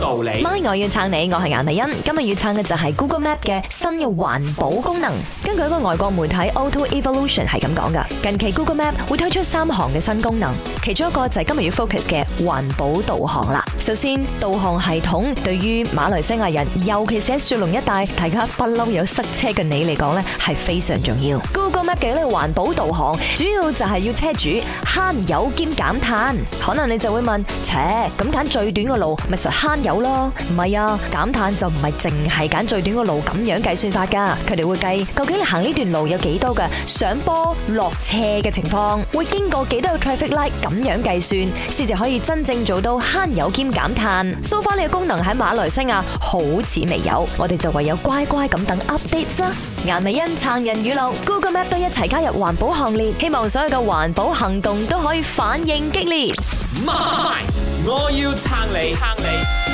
道理 MY 我要撐你，我係顏麗欣，今日要撐嘅就係 Google Map 嘅新嘅環保功能。根據一個外國媒體 Auto Evolution 係咁講嘅，近期 Google Map 會推出三項嘅新功能，其中一個就係今日要 focus 嘅環保導航啦。首先，導航系統對於馬來西亞人，尤其是喺雪隆一帶，大家不嬲有塞車嘅你嚟講呢係非常重要。Google Map 嘅呢個環保導航，主要就係要車主慳油兼減碳。可能你就會問，扯？咁揀最短嘅路咪實慳？有囉，唔係啊，減碳就唔係淨係揀最短個路咁樣計算法噶，佢哋會計究竟你行呢段路有幾多嘅上坡落斜嘅情況，會經過幾多個 traffic light 咁樣計算，先至可以真正做到慳油兼減碳。show 翻你嘅功能喺馬來西亞好似未有，我哋就唯有乖乖咁等 update 啦。顏美欣撐人語錄，Google Map 都一齊加入環保行列，希望所有嘅環保行動都可以反應激烈。我要撐你，撐你。